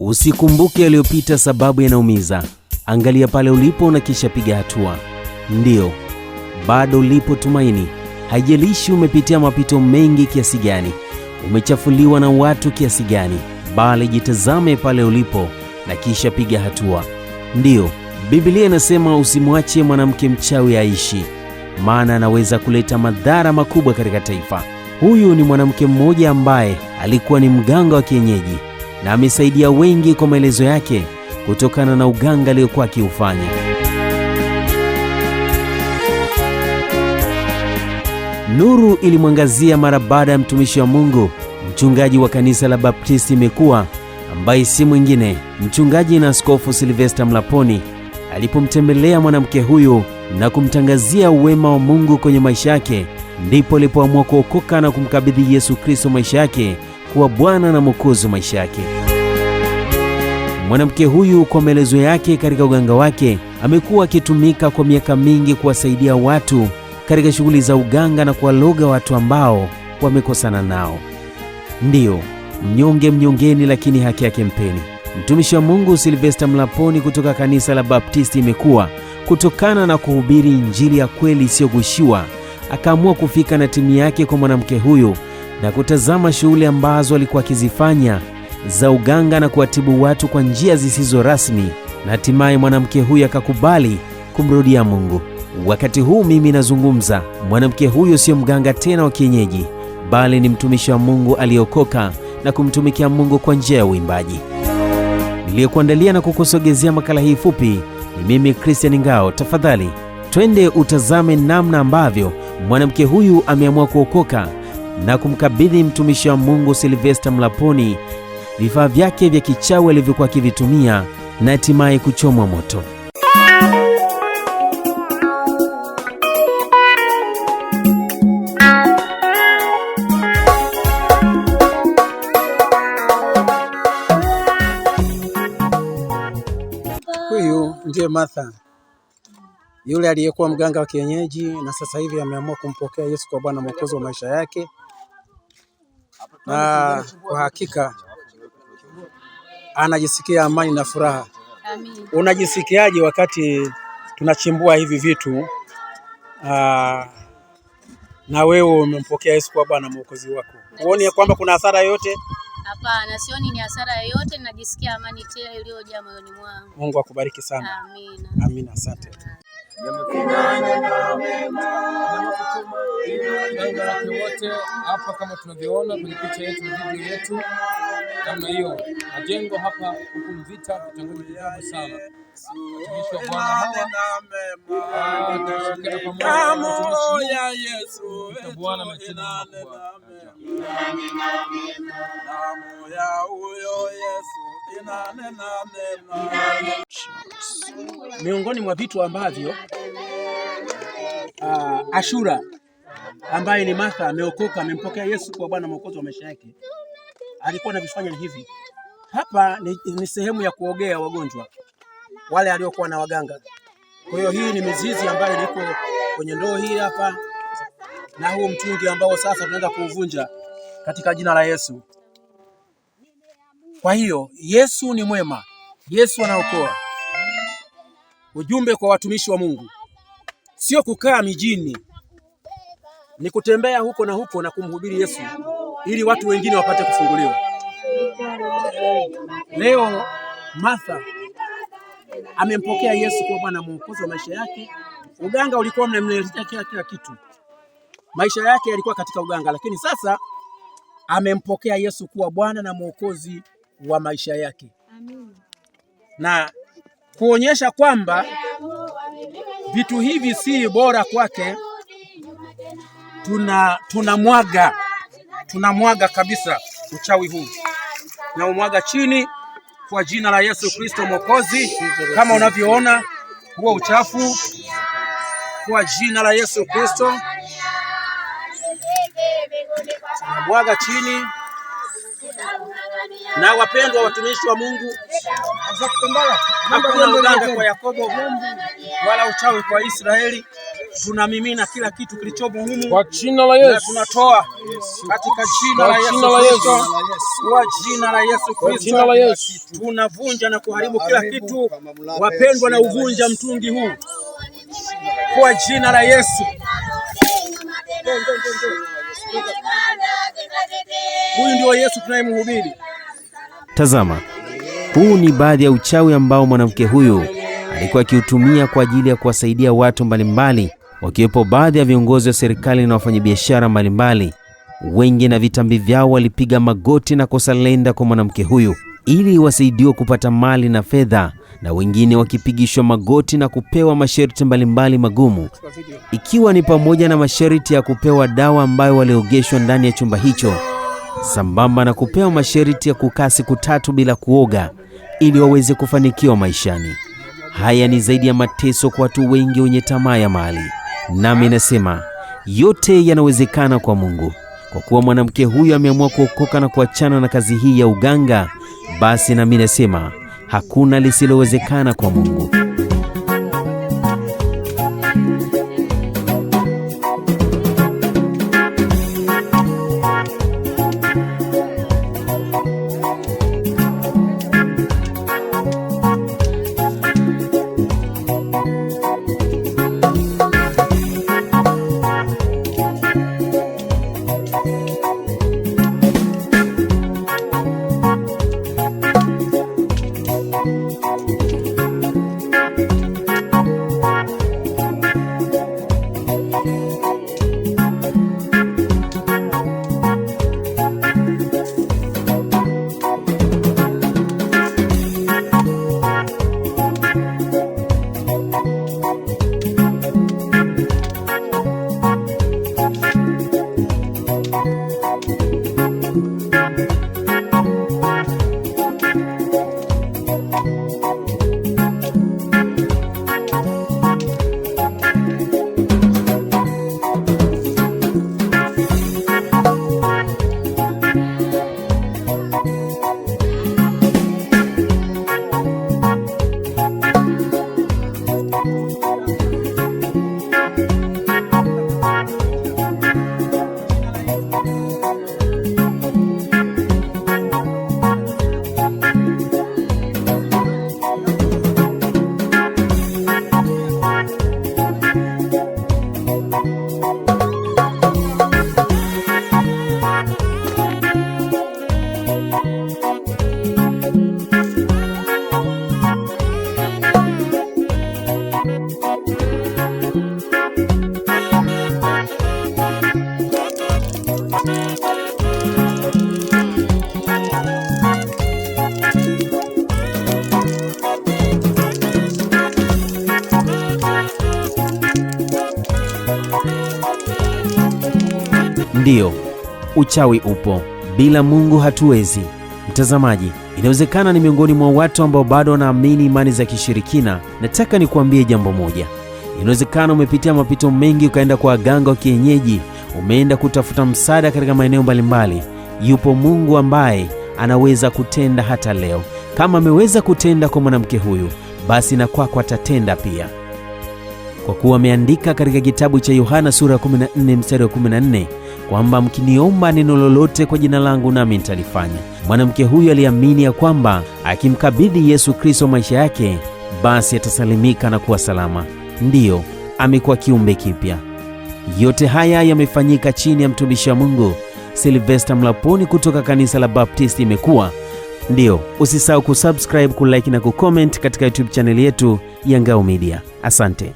Usikumbuke yaliyopita, sababu yanaumiza. Angalia pale ulipo na kisha piga hatua. Ndiyo, bado lipo tumaini. Haijalishi umepitia mapito mengi kiasi gani, umechafuliwa na watu kiasi gani, bali jitazame pale ulipo na kisha piga hatua. Ndiyo, Biblia inasema usimwache mwanamke mchawi aishi, maana anaweza kuleta madhara makubwa katika taifa. Huyu ni mwanamke mmoja ambaye alikuwa ni mganga wa kienyeji na amesaidia wengi kwa maelezo yake kutokana na uganga aliyokuwa akiufanya. Nuru ilimwangazia mara baada ya mtumishi wa Mungu, mchungaji wa kanisa la Baptisti imekuwa ambaye si mwingine mchungaji na askofu Silvesta Mlaponi alipomtembelea mwanamke huyu na kumtangazia uwema wa Mungu kwenye maisha yake, ndipo alipoamua kuokoka na kumkabidhi Yesu Kristo maisha yake kuwa Bwana na Mwokozi maisha yake. Mwanamke huyu kwa maelezo yake katika uganga wake, amekuwa akitumika kwa miaka mingi kuwasaidia watu katika shughuli za uganga na kuwaloga watu ambao wamekosana nao. Ndiyo, mnyonge mnyongeni, lakini haki yake mpeni. Mtumishi wa Mungu silvesta Mlaponi kutoka kanisa la Baptisti imekuwa kutokana na kuhubiri Injili ya kweli isiyogushiwa, akaamua kufika na timu yake kwa mwanamke huyo na kutazama shughuli ambazo alikuwa akizifanya za uganga na kuwatibu watu kwa njia zisizo rasmi, na hatimaye mwanamke huyu akakubali kumrudia Mungu. Wakati huu mimi nazungumza, mwanamke huyo sio mganga tena wa kienyeji, bali ni mtumishi wa Mungu aliyeokoka na kumtumikia Mungu kwa njia ya uimbaji. Niliyekuandalia na kukusogezea makala hii fupi ni mimi Christian Ngao. Tafadhali twende utazame namna ambavyo mwanamke huyu ameamua kuokoka na kumkabidhi mtumishi wa Mungu Silvesta Mlaponi vifaa vyake vya kichawi alivyokuwa akivitumia na hatimaye kuchomwa moto. Huyu ndiye Martha yule aliyekuwa mganga wa kienyeji na sasa hivi ameamua kumpokea Yesu kwa Bwana Mwokozi wa maisha yake na kwa hakika anajisikia amani na furaha. Amin. Unajisikiaje wakati tunachimbua hivi vitu aa, ah, na wewe umempokea Yesu kwa Bwana Mwokozi wako, huoni kwamba kuna hasara yoyote? Hapana, sioni ni hasara yoyote, najisikia amani tele iliyojaa moyoni mwangu. Mungu akubariki sana. Amina. Amina, asante yamefungana wote. Hapa kama tunavyoona kwenye picha yetu na video yetu namna hiyo, majengo hapa huku Mvita, kitongoji kikubwa sana miongoni mwa vitu ambavyo uh, Ashura ambaye ni Martha ameokoka amempokea Yesu kwa Bwana Mwokozi wa maisha yake, alikuwa anavifanya hivi. Hapa ni, ni sehemu ya kuogea wagonjwa wale aliokuwa na waganga. Kwa hiyo hii ni mizizi ambayo iliko kwenye ndoo hii hapa na huu mtungi ambao sasa tunaenda kuuvunja katika jina la Yesu. Kwa hiyo Yesu ni mwema, Yesu anaokoa. Ujumbe kwa watumishi wa Mungu sio kukaa mijini, ni kutembea huko na huko na kumhubiri Yesu ili watu wengine wapate kufunguliwa. Leo Martha amempokea Yesu kwa Bwana Mwokozi wa maisha yake. Uganga ulikuwa mnamletea kila kila kitu, maisha yake yalikuwa katika uganga, lakini sasa amempokea Yesu kuwa Bwana na Mwokozi wa maisha yake. Amen. Na kuonyesha kwamba vitu hivi si bora kwake. Tuna tunamwaga tunamwaga kabisa uchawi huu na umwaga chini kwa jina la Yesu Kristo Mwokozi. Kama unavyoona huo uchafu, kwa jina la Yesu Kristo tunamwaga chini. Na wapendwa watumishi wa Mungu Hakuna uganga kwa Yakobo, Mungu wala uchawi kwa Israeli. Tunamimina kila kitu kilichomo humu kwa jina la Yesu, tunatoa katika jina la Yesu Kristo, kwa jina la Yesu Kristo tunavunja na kuharibu kila kitu. Wapendwa, na uvunja mtungi huu kwa jina la Yesu. Huyu ndio Yesu tunayemhubiri. Tazama huu ni baadhi ya uchawi ambao mwanamke huyu alikuwa akiutumia kwa ajili ya kuwasaidia watu mbalimbali, wakiwepo baadhi ya viongozi wa serikali na wafanyabiashara mbalimbali. Wengi na vitambi vyao walipiga magoti na kusalenda kwa mwanamke huyu ili wasaidiwe kupata mali na fedha, na wengine wakipigishwa magoti na kupewa masharti mbalimbali magumu, ikiwa ni pamoja na masharti ya kupewa dawa ambayo waliogeshwa ndani ya chumba hicho sambamba na kupewa masharti ya kukaa siku tatu bila kuoga ili waweze kufanikiwa maishani. Haya ni zaidi ya mateso kwa watu wengi wenye tamaa ya mali, nami nasema yote yanawezekana kwa Mungu. Kwa kuwa mwanamke huyu ameamua kuokoka na kuachana na kazi hii ya uganga, basi nami nasema hakuna lisilowezekana kwa Mungu. Ndiyo, uchawi upo, bila Mungu hatuwezi. Mtazamaji, inawezekana ni miongoni mwa watu ambao bado wanaamini imani za kishirikina. Nataka nikuambie jambo moja, inawezekana umepitia mapito mengi, ukaenda kwa waganga wa kienyeji, umeenda kutafuta msaada katika maeneo mbalimbali. Yupo Mungu ambaye anaweza kutenda hata leo. Kama ameweza kutenda kwa mwanamke huyu, basi na kwako atatenda pia, kwa kuwa ameandika katika kitabu cha Yohana sura ya 14 mstari wa 14 kwamba mkiniomba neno lolote kwa jina langu nami nitalifanya. Mwanamke huyu aliamini ya kwamba akimkabidhi Yesu Kristo maisha yake basi atasalimika na kuwa salama. Ndiyo, amekuwa kiumbe kipya. Yote haya yamefanyika chini ya mtumishi wa Mungu silvesta Mlaponi kutoka kanisa la Baptisti imekuwa. Ndiyo, usisahau kusubscribe, kulike na kucomment katika YouTube chaneli yetu ya Ngao Media. Asante.